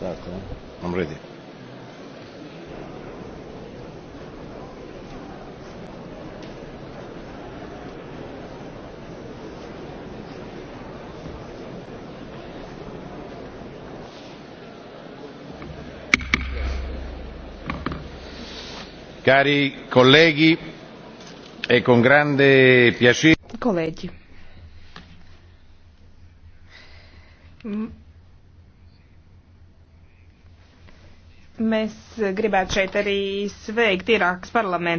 start. Huh? I'm ready. Cari colleghi, è con grande piacere. Colleghi. Mm Mēs gribētu šeit arī sveikt Irākas parlamentu.